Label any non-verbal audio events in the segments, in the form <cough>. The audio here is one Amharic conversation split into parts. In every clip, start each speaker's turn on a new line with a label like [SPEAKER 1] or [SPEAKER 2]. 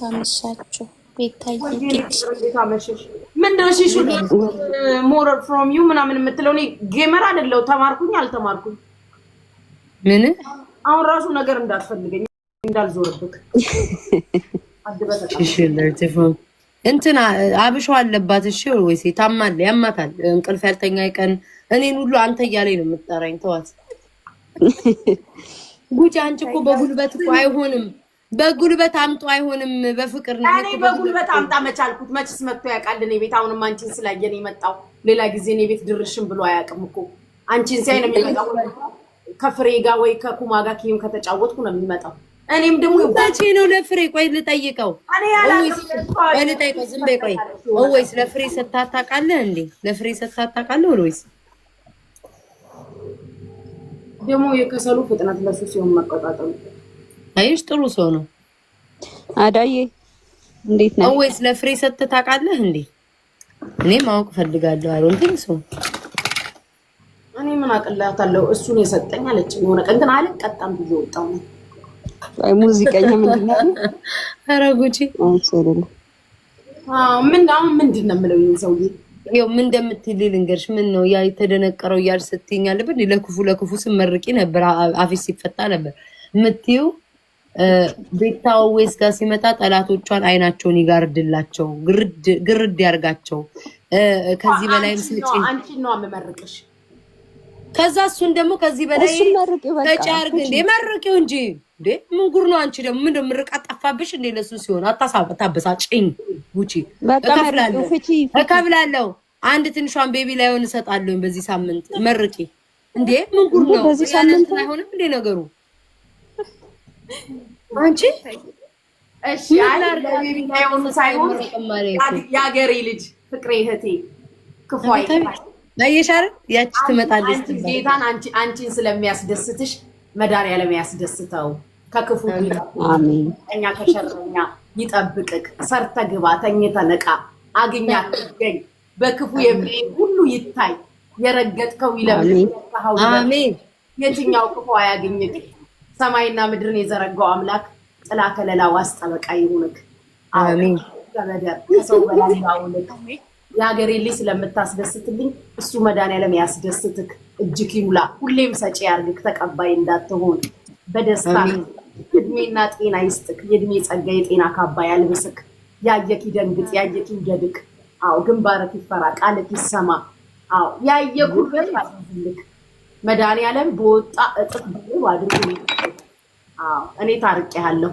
[SPEAKER 1] ታመሻችሁ ቤታዬ ሞር ፍሮም ዩ ምናምን የምትለው እኔ ጌመር አይደለሁ። ተማርኩኝ አልተማርኩኝ ምን አሁን ራሱ ነገር እንዳትፈልገኝ እንዳልዞርብክ
[SPEAKER 2] እንትና አለባት። እሺ ያማታል። እንቅልፍ ያልተኛ ቀን እኔን ሁሉ አንተ እያለኝ ነው የምትጠራኝ። ተዋት
[SPEAKER 1] ጉጂ አንቺ እኮ በጉልበት እኮ አይሆንም በጉልበት አምጡ አይሆንም፣ በፍቅር ነው። እኔ በጉልበት አምጣ መቻልኩት መችስ መጥቶ ያውቃል እኔ ቤት። አሁንም አንቺን ስላየን የመጣው ሌላ ጊዜ እኔ ቤት ድርሽም ብሎ አያውቅም እኮ አንቺን ሲያይ ነው የሚመጣው። ከፍሬ ጋር ወይ ከኩማ ጋር ኪም ከተጫወትኩ ነው የሚመጣው። እኔም ደግሞ
[SPEAKER 2] መቼ ነው ለፍሬ? ቆይ ልጠይቀው፣ ቆይ ልጠይቀው፣ ዝም በይ ቆይ። ወይስ ለፍሬ ሰጥታት ታውቃለህ እንዴ? ለፍሬ ሰጥታት ታውቃለህ ወይስ
[SPEAKER 1] ደግሞ የከሰሉ ፍጥነት ለሱ ሲሆን መቆጣጠሉ
[SPEAKER 2] አይሽ ጥሩ ሰው ነው። አዳዬ እንዴት ነው? ወይስ ለፍሬ ሰጥተህ ታውቃለህ እንዴ? እኔ ማወቅ ፈልጋለሁ። አይሮን ቲንክ ሶ
[SPEAKER 1] እኔ ምን አቅላታለሁ? እሱን የሰጠኝ አለች። የሆነ ቀን ግን አልቀጣም ብዬ ወጣሁ።
[SPEAKER 2] አይ ሙዚቀኛ ምንድን ነው? ኧረ ጉቺ
[SPEAKER 1] ምን አሁን ምንድን ነው የምለው? ይሄን ሰውዬ
[SPEAKER 2] ይኸው ምን እንደምትይል ልንገርሽ። ምን ነው ያ የተደነቀረው እያልሽ ስትይኝ አለብን። ለክፉ ለክፉ ስመርቂ ነበር፣ አፊስ ሲፈታ ነበር የምትይው ቤታ ኦዌስ ጋር ሲመጣ ጠላቶቿን አይናቸውን ይጋርድላቸው፣ ግርድ ያርጋቸው። ከዚህ በላይም ስጪ፣
[SPEAKER 1] አንቺን ነው የምመርቅሽ።
[SPEAKER 2] ከዛ እሱን ደግሞ ከዚህ በላይ ተጫርግ እንዴ መርቂው እንጂ እንዴ ምን ጉር ነው? አንቺ ደግሞ ምንድን ምርቃት ጠፋብሽ እንዴ? ለሱ ሲሆን አታበሳጭኝ። ጉቺ እከብላለሁ። አንድ ትንሿን ቤቢ ላይሆን እሰጣለሁኝ በዚህ ሳምንት። መርቂ እንዴ ምን ጉር ነው? ሳምንት አይሆንም እንዴ ነገሩ አንቺ
[SPEAKER 1] እሺ የአገሬ ልጅ ፍቅሬ እህቴ ክፉ
[SPEAKER 2] ያቺ ትመጣለች።
[SPEAKER 1] ጌታን አንቺን ስለሚያስደስትሽ መድኃኒዓለም ያስደስተው፣ ከክፉ እኛ ከሸረኛ ይጠብቅክ። ሰርተ ግባ፣ ተኝተ አግኛ ትገኝ። በክፉ የሚሄድ ሁሉ ይታይ። የረገጥከው ይለምልህ። የትኛው ክፉ አያግኝክ ሰማይና ምድርን የዘረጋው አምላክ ጥላ ከለላ ዋስ ጠበቃ ይሁንክ። አሜን። ከመደር ከሰው በላይ ባውልክ። የሀገሬ ልጅ ስለምታስደስትልኝ እሱ መድኃኒዓለም ያስደስትክ። እጅግ ይሙላ፣ ሁሌም ሰጪ ያርግክ። ተቀባይ እንዳትሆን በደስታ እድሜና ጤና ይስጥክ። የእድሜ ጸጋ የጤና ካባ ያልብስክ። ያየክ ይደንግጥ፣ ያየክ ይውደድክ። አዎ ግንባርክ ይፈራ፣ ቃልክ ይሰማ። አዎ ያየኩ ልክ መድኃኒዓለም በወጣ እጥፍ ብዙ አድርጎ እኔ ያለሁ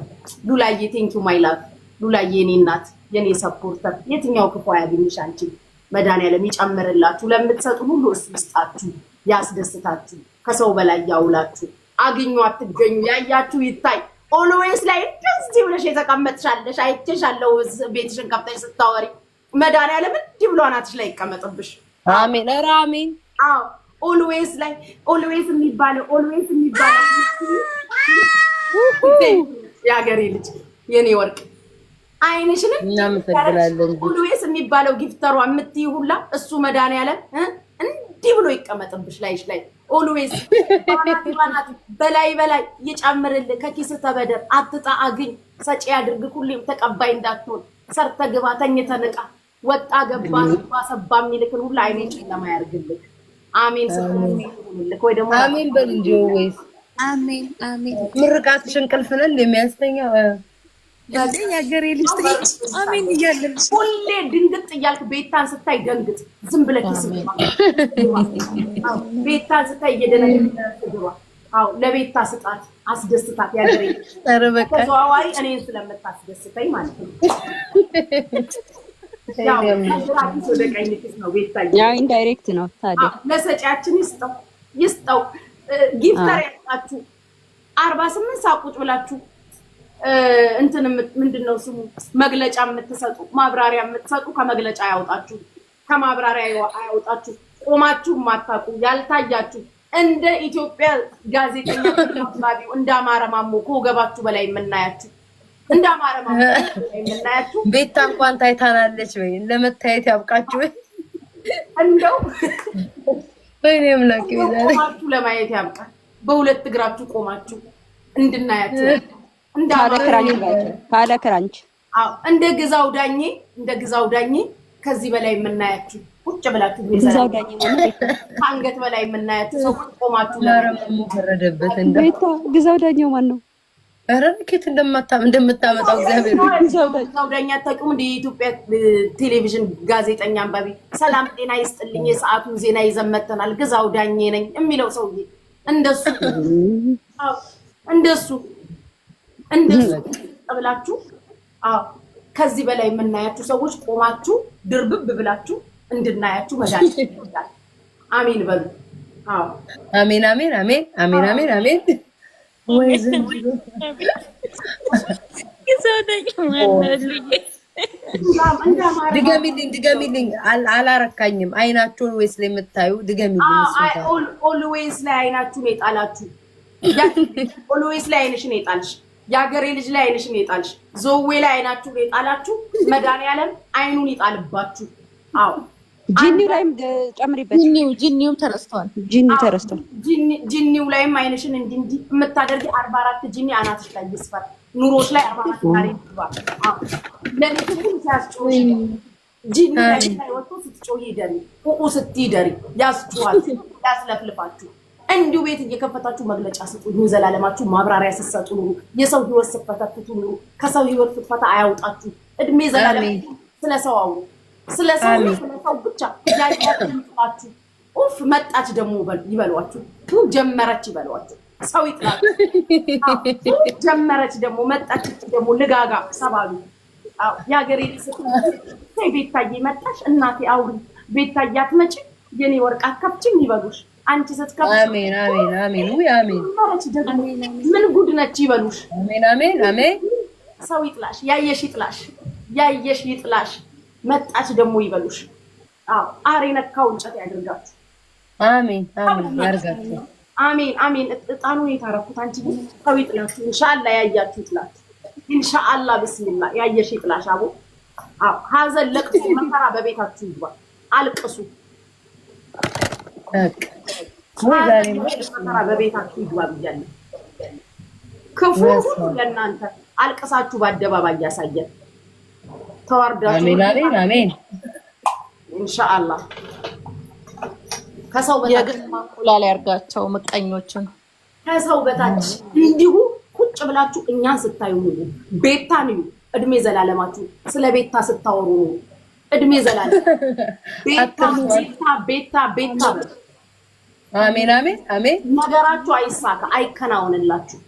[SPEAKER 1] ሉላዬ ቴንኪ ማይ ላቭ ሉላዬ፣ የኔ እናት፣ የኔ ሰፖርተር፣ የትኛው ክፉ አያገኝሽ አንቺ። መድኃኒዓለም ይጨምርላችሁ፣ ለምትሰጡ ሁሉ እሱ ይስጣችሁ፣ ያስደስታችሁ፣ ከሰው በላይ ያውላችሁ። አግኙ አትገኙ፣ ያያችሁ ይታይ። ኦልዌይስ ላይ እንደዚህ ብለሽ የተቀመጥሻለሽ፣ አይቼሻለሁ። ቤትሽን ከፍተሽ ስታወሪ መድኃኒዓለም እንዲህ ብሎ አናትሽ ላይ ይቀመጥብሽ።
[SPEAKER 2] አሜን፣ ኧረ አሜን።
[SPEAKER 1] አዎ ኦልዌዝ ላይ ኦልዌዝ የሚባለው ኦልዌዝ የሚባለው የሀገሬ ልጅ የኔ ወርቅ አይንሽንም ኦልዌዝ የሚባለው ጊፍተሯ የምትይ ሁላ እሱ መድኃኒዓለም እንዲህ ብሎ ይቀመጥብሽ ላይሽ ላይ ኦልዌዝ ባናት በላይ በላይ ይጨምርልህ። ከኪስ ተበደር አትጣ አግኝ ሰጪ አድርግ ሁሌም ተቀባይ እንዳትሆን ሰርተ ግባ ተኝተ ንቃ ወጣ ገባ ሰባ የሚልክን ሁላ አይኔ ጨለማ ያርግልህ። አሜን ስትልክ
[SPEAKER 2] ወይ ደግሞ አሜን በል እንጂ ወይስ
[SPEAKER 1] አሜን አሜን።
[SPEAKER 2] ምርቃትሽ እንቅልፍ ነው እንደሚያስተኛ
[SPEAKER 1] የአገሬ ልጅ
[SPEAKER 2] አሜን እያለን
[SPEAKER 1] ሁሌ ድንግጥ እያልክ ቤታን ስታይ ደንግጥ። ዝም ብለህ ቤታን ስታይ እየደነገጥክ ለቤታ ስጣት፣ አስደስታት። ያገሬ ተዘዋዋሪ እኔን ስለምታስደስተኝ ማለት ነው።
[SPEAKER 2] ያው ኢንዳይሬክት ነው ታዲያ።
[SPEAKER 1] ለሰጪያችን ይስጠው ይስጠው። ጊፍተር ያጣችሁ አርባ ስምንት ሰዓት ቁጭ ብላችሁ እንትን ምንድን ነው ስሙ መግለጫ የምትሰጡ ማብራሪያ የምትሰጡ ከመግለጫ ያውጣችሁ፣ ከማብራሪያ ያውጣችሁ። ቆማችሁ ማታውቁ ያልታያችሁ እንደ ኢትዮጵያ ጋዜጠኛ አካባቢው እንደ አማረ ማሞ ከወገባችሁ በላይ የምናያችሁ
[SPEAKER 2] ቤታ እንኳን ታይታናለች ወይ ለመታየት ያብቃችሁ። እንደው ወይኔ አምላኬ
[SPEAKER 1] ለማየት ያብቃል። በሁለት እግራችሁ ቆማችሁ እንድናያችሁ
[SPEAKER 2] ካለ ክራንች
[SPEAKER 1] እንደ ግዛው ዳኜ እንደ ግዛው ዳኜ ከዚህ በላይ የምናያችሁ ቁጭ ብላችሁ ግዛው ከአንገት በላይ የምናያችሁ ሰው ቆማችሁ።
[SPEAKER 2] ለረመ ረደበት
[SPEAKER 1] ግዛው ዳኜው ማን ነው?
[SPEAKER 2] ኧረ ኬት እንደምታመጣው እግዚአብሔር
[SPEAKER 1] ተቅሙ እንደ የኢትዮጵያ ቴሌቪዥን ጋዜጠኛ አንባቢ ሰላም ጤና ይስጥልኝ፣ የሰዓቱን ዜና ይዘመተናል። ግዛው ዳኜ ነኝ የሚለው ሰውዬ እንደሱ እንደሱ እንደሱ ብላችሁ ከዚህ በላይ የምናያችሁ ሰዎች ቆማችሁ ድርብብ ብላችሁ እንድናያችሁ መድኃኒት ይላል። አሜን በሉ።
[SPEAKER 2] አሜን አሜን አሜን አሜን አሜን አሜን ድገሚልኝ ድገሚልኝ፣ አላረካኝም። አይናችሁን ወይስ ላይ የምታዩ ድገሚልኝ።
[SPEAKER 1] ኦልዌይስ ላይ የጣላችሁ ኦልዌይስ ላይ የጣልሽ የሀገሬ ልጅ ላይ የጣልሽ ላይ የጣላችሁ መድኃኒዓለም አይኑን ይጣልባችሁ። አዎ ጂኒ ላይም ጨምሪበት።
[SPEAKER 2] ጂኒውም ተረስቷል።
[SPEAKER 1] ጂኒ ተረስቷል። ጂኒው ላይም አይነሽን እንዲህ እንዲህ የምታደርጊ አርባ አራት ጂኒ አናትሽ ላይ ይስፈር፣ ኑሮች ላይ አርባ አራት ጋር ይግባል። ለሊቱ ሁሉ ሲያስጮህ ጂኒ ላይ ወጥቶ ስትጮህ ይደሪ ቁቁ ስትይደሪ ያስጮሃል፣ ያስለፍልፋችሁ። እንዲሁ ቤት እየከፈታችሁ መግለጫ ስጡ፣ ዘላለማችሁ ማብራሪያ ስትሰጡ ኑሩ። የሰው ህይወት ስትፈተፍቱ ኑሩ። ከሰው ህይወት ፍትፈታ አያውጣችሁ። እድሜ ዘላለም ስለሰው አውሩ። ስለ ሰው ስለሰው ብቻ ያያችሁ ኡፍ መጣች ደግሞ ይበሏችሁ፣ ጀመረች ይበሏችሁ። ሰው ይጥላል ጀመረች ደግሞ መጣች ደግሞ ልጋጋ ሰባሉ የሀገሬ ስትይ ቤታዬ መጣሽ እናቴ አውሪ ቤታዬ አትመጪ የኔ ወርቅ አትከፍቺም ይበሉሽ። አንቺ ስትከፍቺ አሜን ምን ጉድ ነች ይበሉሽ። ሰው ይጥላሽ፣ ያየሽ ይጥላሽ፣ ያየሽ ይጥላሽ። መጣች ደግሞ ይበሉሽ። አዎ አር የነካው እንጨት ያድርጋችሁ።
[SPEAKER 2] አሜን አሜን
[SPEAKER 1] አሜን አሜን። እጣኑ የታረኩት አንቺ ግን ሰው ይጥላችሁ። እንሻላ ያያችሁ ይጥላት። እንሻአላ ብስሚላ ያየሽ ይጥላሽ። አቦ አዎ ሀዘን፣ ለቅሶ፣ መከራ በቤታችሁ ይግባ። አልቅሱ። መከራ በቤታችሁ ይግባ ብያለሁ። ክፉ ሁሉ ለእናንተ አልቅሳችሁ በአደባባይ እያሳየን
[SPEAKER 2] ተዋርዳችሁ አሜን፣
[SPEAKER 1] ከሰው በታች
[SPEAKER 2] ማቁላል ያርጋቸው ምቀኞችን።
[SPEAKER 1] ከሰው በታች እንዲሁ ቁጭ ብላችሁ እኛን ስታዩ ነው። ቤታን እዩ። እድሜ ዘላለማችሁ ስለ ቤታ ስታወሩ ነው። እድሜ ዘላለም ቤታ ቤታ
[SPEAKER 2] አሜን፣ አሜን፣ አሜን።
[SPEAKER 1] ነገራችሁ አይሳካ፣ አይከናወንላችሁ።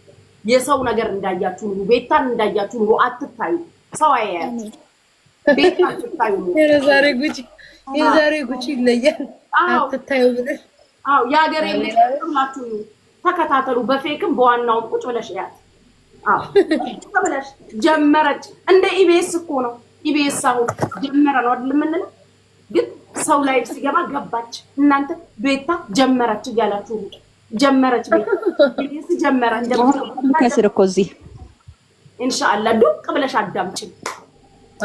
[SPEAKER 1] የሰው ነገር እንዳያችሁ ኑሩ። ቤታን እንዳያችሁ ኑሩ። አትታዩ፣ ሰው አያያችሁ።
[SPEAKER 2] የዛሬ ጉቺ የዛሬ ይለያል። አትታዩ ብለሽ
[SPEAKER 1] አዎ፣ ተከታተሉ። በፌክም በዋናውም ቁጭ ብለሽ ያት ብለሽ ጀመረች። እንደ እኮ ነው። አሁን ጀመረ ነው አይደል የምንለው፣ ግን ሰው ላይ ሲገባ ገባች። እናንተ ቤታ ጀመረች እያላችሁ ጀመረች፣ ቤት ጀመረ።
[SPEAKER 2] ከስር እኮ እዚህ
[SPEAKER 1] ኢንሻአላ ዱቅ ብለሽ አዳምጪኝ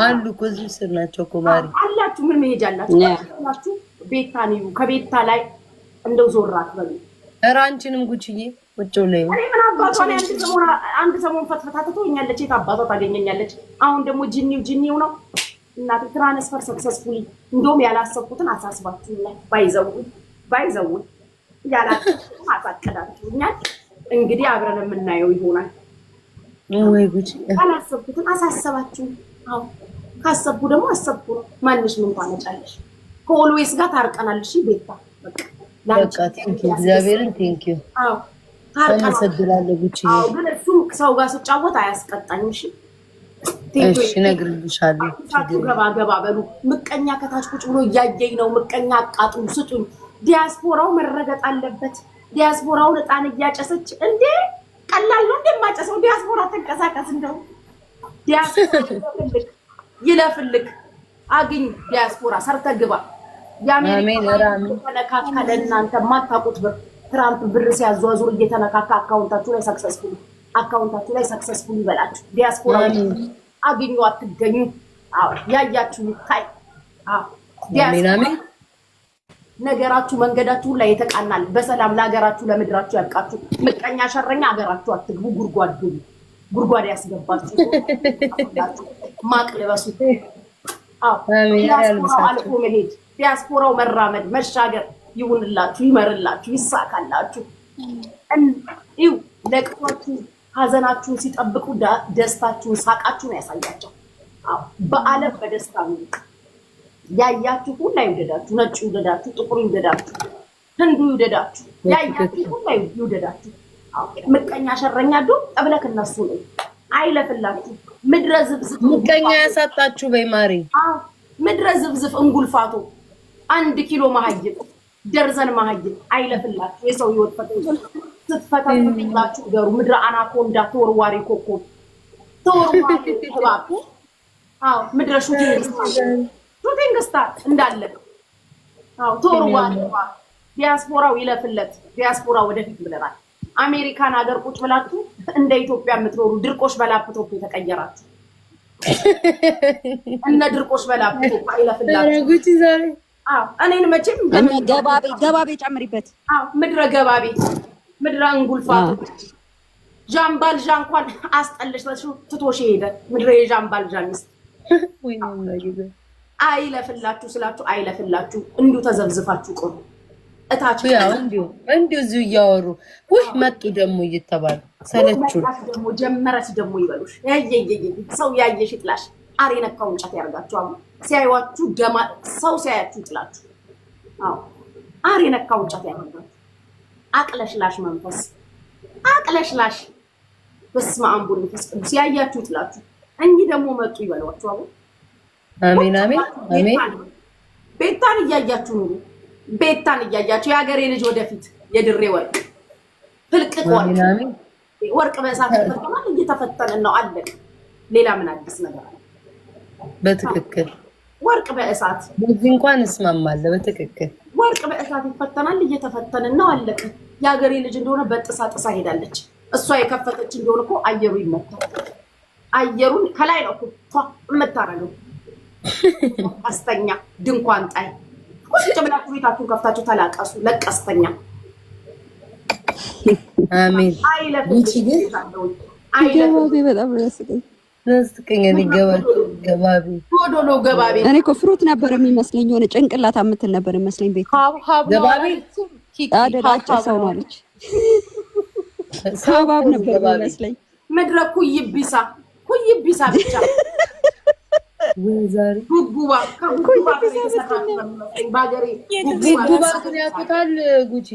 [SPEAKER 2] አሉ እኮ እዚህ ስር ናቸው እኮ ማሪ
[SPEAKER 1] አላችሁ። ምን መሄድ አላችሁ? ቤታ ነው ከቤታ ላይ እንደው ዞራት በሉ።
[SPEAKER 2] ኧረ አንቺንም ጉቺዬ ቁጭ እኔ
[SPEAKER 1] ምን አባቷ ላይ አንድ ሰሞን ፈትፈታ ትቶኛለች። የት አባቷ ታገኘኛለች? አሁን ደግሞ ጅኒው ጅኒው ነው እናት ትራንስፈር ሰክሰስፉሊ እንደውም ያላሰብኩትን አሳስባችሁ ላይ ባይዘው ባይዘው ያላሰብኩትን አሳቀዳችሁኛል። እንግዲህ አብረን የምናየው ይሆናል ወይ ጉቺ። ያላሰብኩትን አሳሰባችሁ ካሰብኩ ደግሞ አሰብኩ ነው። ማንሽ ምን ታመጫለሽ? ከኦልዌይስ ጋር ታርቀናልሽ። ቤታ
[SPEAKER 2] በቃ ቴንኪ እግዚአብሔርን ቴንኪ ታርቀናለሁ። ጉቺ
[SPEAKER 1] ግን እሱም ሰው ጋር ስጫወት አያስቀጣኝም። እሺ
[SPEAKER 2] እሺ፣ እነግርልሻለሁ።
[SPEAKER 1] ገባ ገባ በሉ። ምቀኛ ከታች ቁጭ ብሎ እያየኝ ነው። ምቀኛ አቃጥሉ፣ ስጡኝ። ዲያስፖራው መረገጥ አለበት። ዲያስፖራውን እጣን እያጨሰች እንዴ! ቀላል ነው እንደማጨሰው ዲያስፖራ ተንቀሳቀስ እንደው ዲያስፖራ ይለፍልክ አግኝ ዲያስፖራ ሰርተ ግባ። የአሜሪካ ተነካካ ለእናንተ የማታውቁት ብር ትራምፕ ብር ሲያዟዙር እየተነካካ አካውንታችሁ ላይ ሰክሰስፉል አካውንታችሁ ላይ ሰክሰስፉል ይበላችሁ። ዲያስፖራ አግኙ አትገኙ፣ ያያችሁ ይታይ። ነገራችሁ መንገዳችሁ ላይ የተቃናል። በሰላም ለሀገራችሁ ለምድራችሁ ያብቃችሁ። ምቀኛ ሸረኛ ሀገራችሁ አትግቡ፣ ጉድጓድ ግቡ። ጉድጓድ ያስገባችሁ ማቅ ልበሱ። አልፎ መሄድ፣ ዲያስፖራው መራመድ፣ መሻገር ይሁንላችሁ፣ ይመርላችሁ፣ ይሳካላችሁ። ይው ለቅቷችሁ ሀዘናችሁን ሲጠብቁ ደስታችሁን፣ ሳቃችሁን ያሳያቸው። በዓለም በደስታ ሚልቅ ያያችሁ ሁላ ይውደዳችሁ። ነጭ ይውደዳችሁ፣ ጥቁር ይውደዳችሁ፣ ህንዱ ይውደዳችሁ፣ ያያችሁ ሁላ ይውደዳችሁ። ምቀኛ ሸረኛ ዱብ ጠብለክ እነሱ ነው አይለፍላችሁ። ምድረ ዝብዝፍ
[SPEAKER 2] ምቀኛ ያሳጣችሁ በይ ማሪ።
[SPEAKER 1] ምድረ ዝብዝፍ እንጉልፋቶ አንድ ኪሎ መሀይም ደርዘን መሀይም አይለፍላችሁ። የሰው ህይወት ፈ ስትፈታላችሁ ገሩ ምድረ አናኮንዳ ተወርዋሪ ኮኮ ተወርዋሪ ባቱ ምድረ ሹቲንግ ስታር ሹቲንግ ስታር እንዳለ ተወርዋሪ ዲያስፖራው ይለፍለት። ዲያስፖራ ወደፊት ብለናል። አሜሪካን አገር ቁጭ ብላችሁ እንደ ኢትዮጵያ የምትኖሩ ድርቆች በላፕቶፕ የተቀየራችሁ እነ ድርቆች በላፕቶፕ
[SPEAKER 2] አይለፍላችሁ። እኔን መቼም ገባቤ ጨምሪበት፣
[SPEAKER 1] ምድረ ገባቤ፣ ምድረ እንጉልፋ፣ ዣምባልዣ እንኳን አስጠልሽ ትቶሽ ሄደ። ምድረ የዣምባልዣ ሚስት አይለፍላችሁ ስላችሁ አይለፍላችሁ፣ እንዲሁ ተዘብዝፋችሁ ቆሩ። እታች
[SPEAKER 2] እንዲሁ እዚሁ እያወሩ መጡ ደግሞ እየተባሉ ሰለች
[SPEAKER 1] ደግሞ ጀመረች ደግሞ ይበሉሽ። ሰው ያየሽ ይጥላሽ። አር የነካው እንጨት ያደርጋችሁ። ደማ ሰው ሲያያችሁ ይጥላችሁ። አር የነካው እንጨት ያደርጋችሁ። አቅለሽላሽ መንፈስ አቅለሽላሽ። በስመ አብ ወወልድ ወመንፈስ ቅዱስ ያያችሁ ይጥላችሁ። እኚህ ደግሞ መጡ ይበሏችሁ።
[SPEAKER 2] አሜን አሜን አሜን።
[SPEAKER 1] ቤታን እያያችሁ ኑሩ። ቤታን እያያቸው የሀገሬ ልጅ ወደፊት የድሬ ወርቅ ፍልቅቅ ወርቅ ወርቅ በእሳት ተፈተናል። እየተፈተንን ነው። አለቅ ሌላ ምን አዲስ ነገር አለ?
[SPEAKER 2] በትክክል
[SPEAKER 1] ወርቅ በእሳት
[SPEAKER 2] በዚህ እንኳን እስማማለሁ። በትክክል
[SPEAKER 1] ወርቅ በእሳት ይፈተናል። እየተፈተንን ነው። አለቅ የሀገሬ ልጅ እንደሆነ በጥሳ ጥሳ ሄዳለች። እሷ የከፈተች እንደሆነ እኮ አየሩ ይመታል። አየሩን ከላይ ነው እኮ የምታረገው። <laughs> አስተኛ ድንኳን ጣይ ቁጭ ቤታችሁን ቤታችሁ ተላቀሱ። ለቀስተኛ
[SPEAKER 2] አሜን። እኔ እኮ ፍሩት ነበር የሚመስለኝ የሆነ ጭንቅላት አምትል ነበር የሚመስለኝ ቤት አደዳቸው ሰው ማለች ሀብሀብ ነበር የሚመስለኝ።
[SPEAKER 1] መድረክ ኩይቢሳ ኩይቢሳ ብቻ
[SPEAKER 2] ያውቁታል። ጉቺ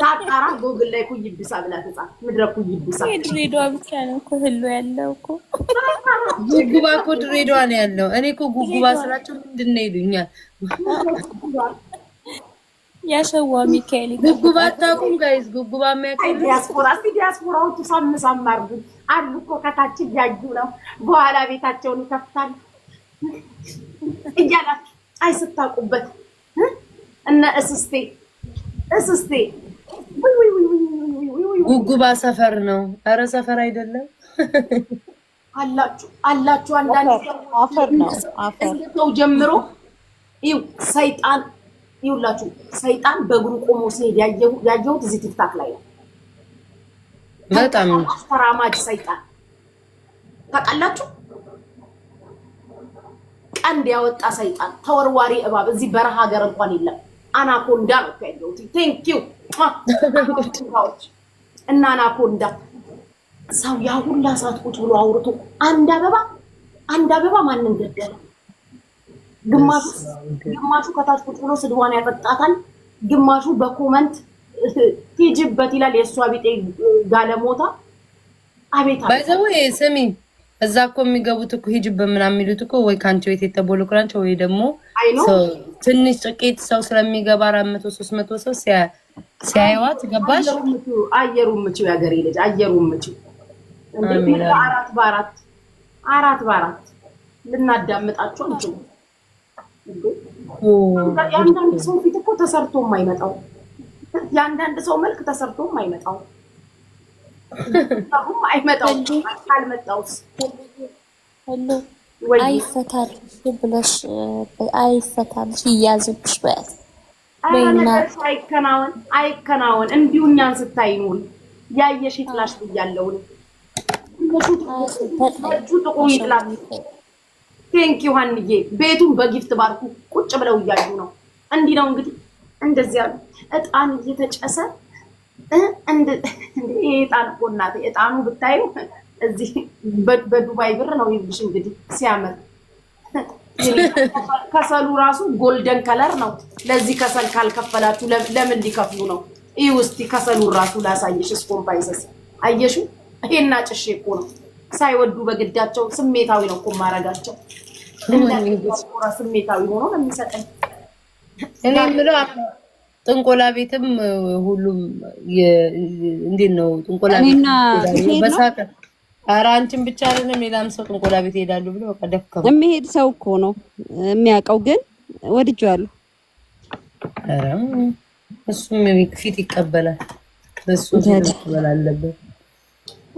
[SPEAKER 1] ታጣራ ጎግል ላይ ኩይብሳ ብላ ተጻፍ። ምድረ ኩይብሳ
[SPEAKER 2] ድሬዳዋ ብቻ ነው እኮ ህሎ ያለው እኮ ጉጉባ እኮ ድሬዳዋ ነው ያለው። እኔ እኮ ጉጉባ ስላቸው ምንድን ነው ይሉኛል። ያሸዋ ሚካኤል ጉጉባ አታውቁም ጋይዝ? ጉጉባ ሚያውቁ
[SPEAKER 1] ዲያስፖራ ዲያስፖራዎቹ አሉ እኮ ከታች እያዩ ነው። በኋላ ቤታቸውን ይከፍታል እያላችሁ አይ ስታውቁበት እነ እስስቴ እስስቴ
[SPEAKER 2] ጉጉባ ሰፈር ነው። ኧረ ሰፈር አይደለም
[SPEAKER 1] አላችሁ አላችሁ። አንዳንድ ሰው ጀምሮ ይኸው ሰይጣን ይኸውላችሁ፣ ሰይጣን በእግሩ ቆሞ ሲሄድ ያየሁት እዚህ ቲክታክ ላይ ነው። በጣም ተራማጅ ሰይጣን ታውቃላችሁ። ቀንድ ያወጣ ሰይጣን ተወርዋሪ እባብ እዚህ በረሃ ሀገር እንኳን የለም። አናኮንዳ ነው ያለው። ቴንክ ዩ እና አናኮንዳ ሰው ያ ሁላ ሰዓት ቁጭ ብሎ አውርቶ አንድ አበባ አንድ አበባ ማንን ገደለ? ግማሹ ግማሹ ከታች ቁጭ ብሎ ስድዋን ያጠጣታል። ግማሹ በኮመንት ሂጅበት ይላል የእሷ ቢጤ ጋለሞታ።
[SPEAKER 2] አቤት ባይዘው ስሚ፣ እዛ እኮ የሚገቡት እኮ ሂጅበት ምናምን የሚሉት እኮ ወይ ከአንቺ ቤት የተቦለኩ ናቸው ወይ ደግሞ ትንሽ ጥቂት ሰው ስለሚገባ አራት መቶ ሶስት መቶ ሰው ሲያይዋት ገባሽ።
[SPEAKER 1] አየሩ ምችው ያገሬ ልጅ አየሩ ምችው አራት በአራት አራት በአራት ልናዳምጣቸው አንችልም። አንዳንድ ሰው ፊት እኮ ተሰርቶ የማይመጣው የአንዳንድ ሰው መልክ ተሰርቶም አይመጣው ሁም አይመጣው ካልመጣውስ
[SPEAKER 2] አይፈታልሽ ብለሽ አይፈታልሽ ይያዝብሽ በያት
[SPEAKER 1] አይከናወን አይከናወን እንዲሁ እኛን ስታይኑን ያየሽ ይጥላሽ ብያለውን እነሱ ጥቁም ይጥላል። ቴንኪ ዮሐንዬ ቤቱን በጊፍት ባርኩ ቁጭ ብለው እያዩ ነው። እንዲህ ነው እንግዲህ እንደዚህ አሉ። እጣን እየተጨሰ እጣን እኮ እናቴ እጣኑ ብታዩ እዚህ በዱባይ ብር ነው ይብሽ እንግዲህ ሲያምር ከሰሉ ራሱ ጎልደን ከለር ነው። ለዚህ ከሰል ካልከፈላችሁ ለምን ሊከፍሉ ነው? ይህ ውስጥ ከሰሉ ራሱ ላሳየሽ። ስኮምፓይሰስ አየሹ ይሄና ጭሼ እኮ ነው ሳይወዱ በግዳቸው ስሜታዊ ነው እኮ ማረጋቸው ስሜታዊ ሆኖ ነው የሚሰጠኝ
[SPEAKER 2] እኔ የምለው ጥንቆላ ቤትም ሁሉም እንዴት ነው ጥንቆላ ቤት በሳቅ ኧረ አንቺን ብቻ አይደለም ሌላም ሰው ጥንቆላ ቤት ይሄዳሉ ብሎ በቃ ደፍከው የሚሄድ ሰው እኮ ነው የሚያውቀው። ግን ወድጄዋለሁ። ኧረ እሱም ፊት ይቀበላል። በሱ ይቀበላል አለበት።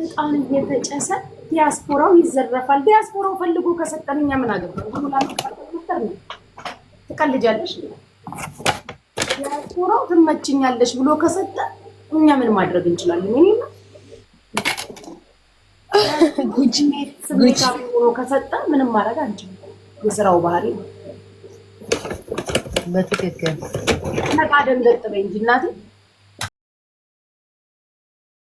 [SPEAKER 1] እጣን እየተጨሰ ዲያስፖራው ይዘረፋል። ዲያስፖራው ፈልጎ ከሰጠን እኛ ምን አገባን? ትቀልጃለሽ ያቆራው ትመችኛለሽ ብሎ ከሰጠ እኛ ምን ማድረግ እንችላለን? እኔ ጉጂ ብሎ ከሰጠ ምንም ማድረግ አንችልም። የስራው ባህሪ ነው።
[SPEAKER 2] በትክክል
[SPEAKER 1] መቃደም ለጥበኝ እንጂ እናቴ